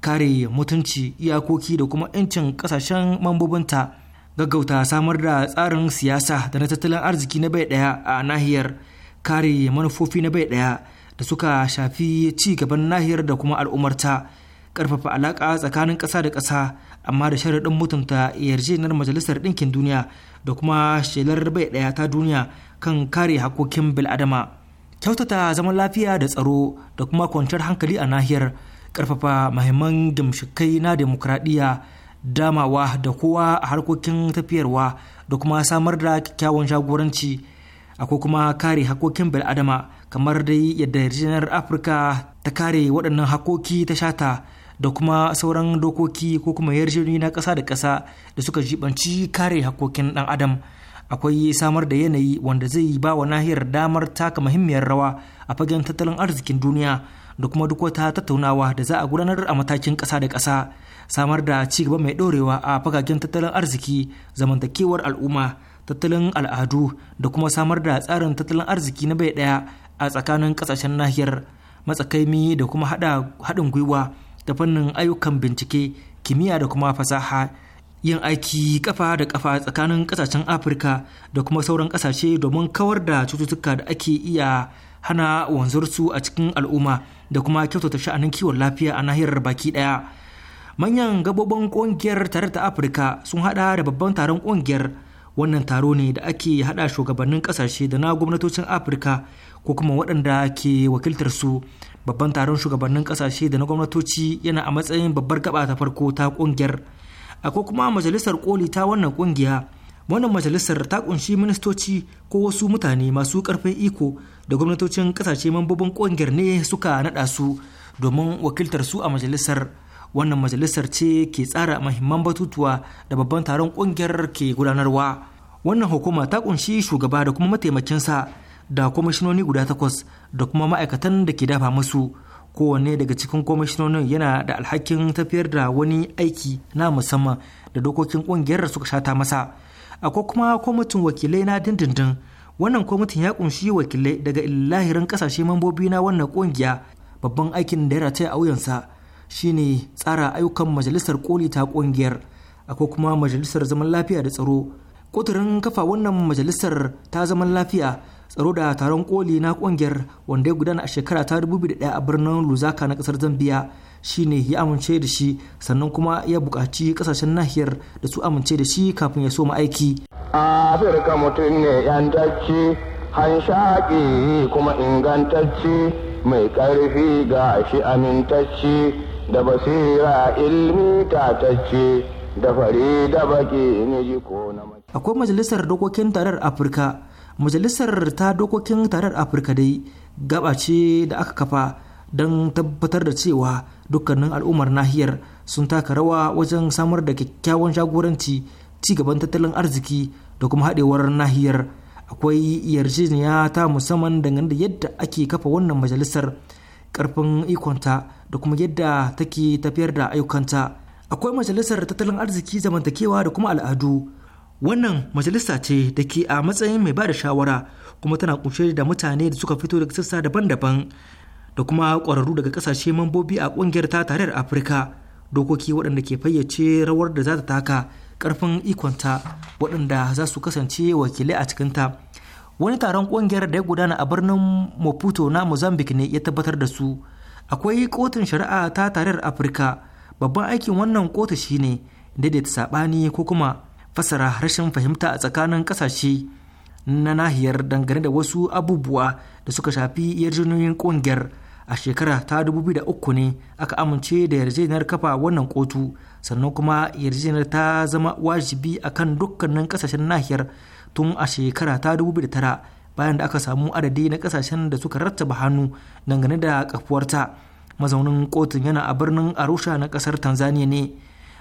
kare mutunci iyakoki da kuma 'yancin kasashen mambobinta gaggauta samar da tsarin siyasa da na tattalin arziki na bai ɗaya a nahiyar kare manufofi na bai ɗaya da suka shafi ci gaban nahiyar da kuma al'ummarta karfafa alaƙa tsakanin ƙasa da ƙasa amma da sharaɗin mutunta yarjejeniyar majalisar ɗinkin duniya da kuma shelar bai ɗaya ta duniya kan kare hakokin bil'adama kyautata zaman lafiya da tsaro da kuma kwanciyar hankali a nahiyar ƙarfafa mahimman gimshikai na demokuraɗiyya damawa da kowa a harkokin tafiyarwa da kuma samar da kyakkyawan jagoranci akwai kuma kare hakokin bil'adama kamar dai yadda yarjejeniyar afirka ta kare waɗannan hakoki ta shata da kuma sauran dokoki ko kuma yarjejeniyoyi na ƙasa da ƙasa da suka jibanci kare hakokin ɗan adam akwai samar da yanayi wanda zai ba wa nahiyar damar taka muhimmiyar rawa a fagen tattalin arzikin duniya da kuma duk wata tattaunawa da za a gudanar a matakin ƙasa da ƙasa samar da ci gaba mai ɗorewa a fagagen tattalin arziki zamantakewar al'umma tattalin al'adu da kuma samar da tsarin tattalin arziki na bai ɗaya a tsakanin ƙasashen nahiyar matsakaimi da kuma haɗin gwiwa da fannin ayyukan bincike kimiyya da kuma fasaha yin aiki kafa da kafa tsakanin kasashen afirka da kuma sauran kasashe domin kawar da cututtuka da ake iya hana wanzarsu a cikin al'umma da kuma kyautata sha'anin kiwon lafiya a nahiyar baki daya manyan gabobin kungiyar tare ta afirka sun hada da babban taron kungiyar wannan taro ne da ake hada shugabannin kasashe da na gwamnatocin afirka ko kuma waɗanda ke wakiltar su babban taron shugabannin kasashe da na gwamnatoci yana a matsayin babbar gaba ta farko ta kungiyar akwai kuma majalisar koli ta wannan kungiya wannan majalisar ta kunshi ministoci ko wasu mutane masu karfin iko da gwamnatocin kasashe mambobin kungiyar ne suka nada su domin wakiltar su a majalisar wannan majalisar ce ke tsara mahimman batutuwa da babban taron kungiyar ke gudanarwa wannan hukuma ta kunshi shugaba da kuma mataimakinsa da kwamishinoni guda takwas da kuma ma'aikatan da ke dafa musu kowanne daga cikin kwamishinonin yana da alhakin tafiyar da wani aiki na musamman da dokokin kungiyar da suka shata masa akwai kuma kwamitin wakilai na dindindin wannan kwamitin ya kunshi wakilai daga lahirin kasashe mambobi na wannan kungiya babban aikin da ya rataya a wuyansa shine tsara ayyukan majalisar koli ta kungiyar akwai kuma majalisar zaman lafiya da tsaro kuturin kafa wannan majalisar ta zaman lafiya tsaro da taron koli na kungiyar wanda ya gudana a shekara ta 2001 a birnin luzaka na kasar zambia shine ya amince da shi sannan kuma ya bukaci kasashen nahiyar da su amince da shi kafin ya so ma aiki afirka mutum ne yantacci hanshaƙi kuma ingantacci mai ƙarfi ga shi amintacci da basira ilmi tatacci da fari da baki ne ko na akwai majalisar dokokin tarar afirka majalisar ta dokokin tarar afirka dai gaba ce da aka kafa don tabbatar da cewa dukkanin al'ummar nahiyar sun taka rawa wajen samar da kyakkyawan jagoranci ci gaban tattalin arziki da kuma haɗewar nahiyar akwai yarjejeniya ta musamman dangane da yadda ake kafa wannan majalisar karfin ikonta da kuma yadda take tafiyar da ayyukanta akwai majalisar tattalin arziki zamantakewa da kuma al'adu wannan majalisa ce da ke a matsayin mai ba da shawara kuma tana kunshe da mutane da suka fito daga sassa daban-daban da kuma kwararru daga kasashe mambobi a ƙungiyar ta tarayyar afirka dokoki waɗanda ke fayyace rawar da za ta taka ƙarfin ikonta waɗanda za su kasance wakilai a cikinta wani taron ƙungiyar da ya gudana a birnin maputo na mozambique ne ya tabbatar da su akwai kotun shari'a ta tarayyar afirka babban aikin wannan kotu shine daidaita saɓani ko kuma fasara rashin fahimta a tsakanin kasashe na nahiyar dangane da wasu abubuwa da suka shafi yarjejeniyoyin kungiyar a shekara ta 2003 ne aka amince da yarjejeniyar kafa wannan kotu sannan kuma yarjejeniyar ta zama wajibi a kan dukkanin kasashen nahiyar tun a shekara ta tara bayan da aka samu adadi na kasashen da suka rattaba hannu dangane da kafuwarta mazaunin kotun yana a birnin arusha na kasar tanzania ne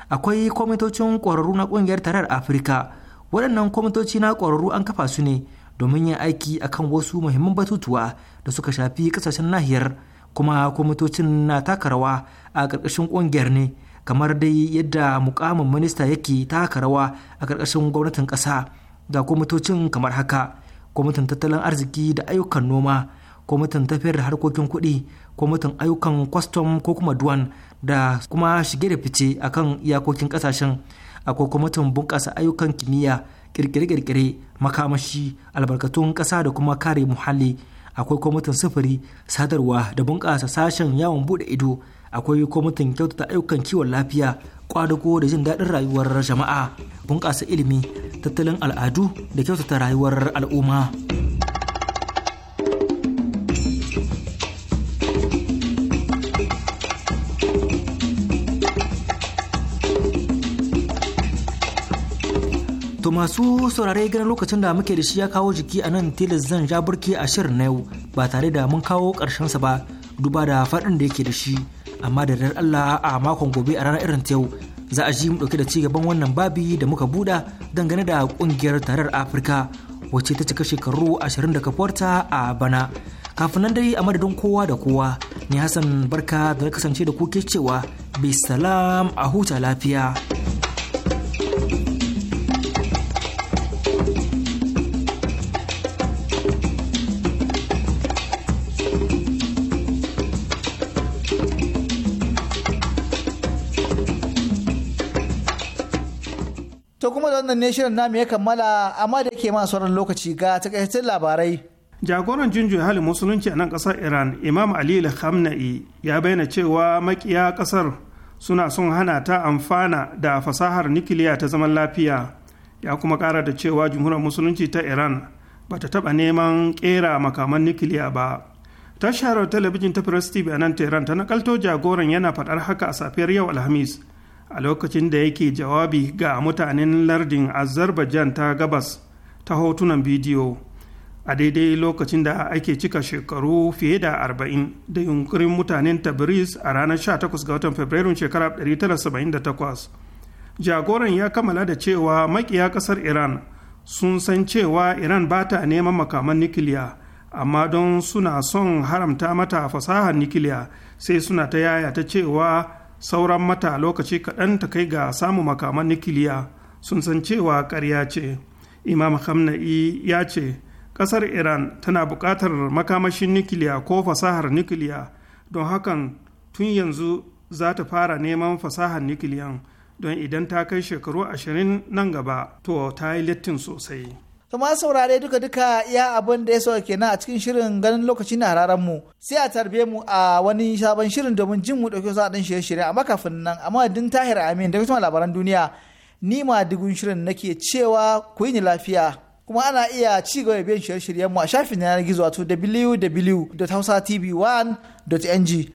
akwai kwamitocin ƙwararru na ƙungiyar tarar afirka waɗannan kwamitoci na ƙwararru an kafa su ne domin yin aiki akan wasu muhimman batutuwa da suka shafi kasashen nahiyar kuma kwamitocin na taka rawa a ƙarƙashin ƙungiyar ne kamar dai yadda mukamin minista yake taka rawa a ƙarƙashin gwamnatin ƙasa da kwamitocin kamar haka kwamitin tattalin arziki da ayyukan noma kwamitin tafiyar da harkokin kuɗi kwamitin ayyukan kwastom ko kuma duwan da kuma shige da fice akan iyakokin kasashen akwai kwamitin bunƙasa ayyukan kimiyya kirkire-kirkire makamashi albarkatun ƙasa da kuma kare muhalli akwai kwamitin sufuri sadarwa da bunƙasa sashen yawon buɗe ido akwai kwamitin kyautata ayyukan kiwon lafiya kwadago da jin daɗin rayuwar jama'a bunƙasa ilimi tattalin al'adu da kyautata rayuwar al'umma. masu saurare ganin lokacin da muke da shi ya kawo jiki a nan tilas zan ja burki a shirin na yau ba tare da mun kawo sa ba duba da faɗin da yake da shi amma da dar Allah a makon gobe a ranar irin ta yau za a ji mu ɗauke da cigaban wannan babi da muka buɗa dangane da ƙungiyar tarar Afirka wacce ta cika shekaru ashirin da kafuwarta a bana. Kafin nan dai a madadin kowa da kowa ni Hassan barka da kasance da kuke cewa bisalam a huta lafiya. da wannan ne shirin namu ya kammala amma da yake ma sauran lokaci ga takaitattun labarai. Jagoran junjin halin musulunci a nan ƙasar Iran, Imam Ali Khamenei ya bayyana cewa makiya ƙasar suna son hana ta amfana da fasahar nikiliya ta zaman lafiya. Ya kuma ƙara da cewa jumhuriyar musulunci ta Iran ba ta taɓa neman kera makaman nikiliya ba. Tashar talabijin ta Press TV a nan Tehran ta nakalto jagoran yana faɗar haka a safiyar yau Alhamis. a lokacin da yake jawabi ga mutanen lardin azerbaijan ta gabas ta hotunan bidiyo a daidai lokacin da ake cika shekaru fiye da 40 da yunkurin mutanen tabriz a ranar 18 ga watan fabrairun shekarar 1978 jagoran ya kammala da cewa makiya kasar iran sun san cewa iran ba ta neman makaman nikiliya amma don suna son haramta mata fasahar nikiliya sai suna ta yaya ta cewa sauran mata lokaci kaɗan ta kai ga samun makaman nikiliya sun san cewa ƙarya ce imam hamna'i ya ce ƙasar iran tana buƙatar makamashin nikiliya ko fasahar nikiliya don hakan tun yanzu za ta fara neman fasahar nikiliyan don idan ta kai shekaru ashirin nan gaba to ta yi littin sosai To ma saurare duka duka ya abin da ya sauka kenan a cikin shirin ganin lokaci na hararen mu sai a tarbe mu a wani sabon shirin domin jin mu dauke sa dan shirye-shirye amma kafin nan amma din tahir amin da kuma labaran duniya ni ma digun shirin nake cewa ku yi lafiya kuma ana iya ci gaba biyan shirye-shiryen mu a shafin yanar gizo wato www.hausatv1.ng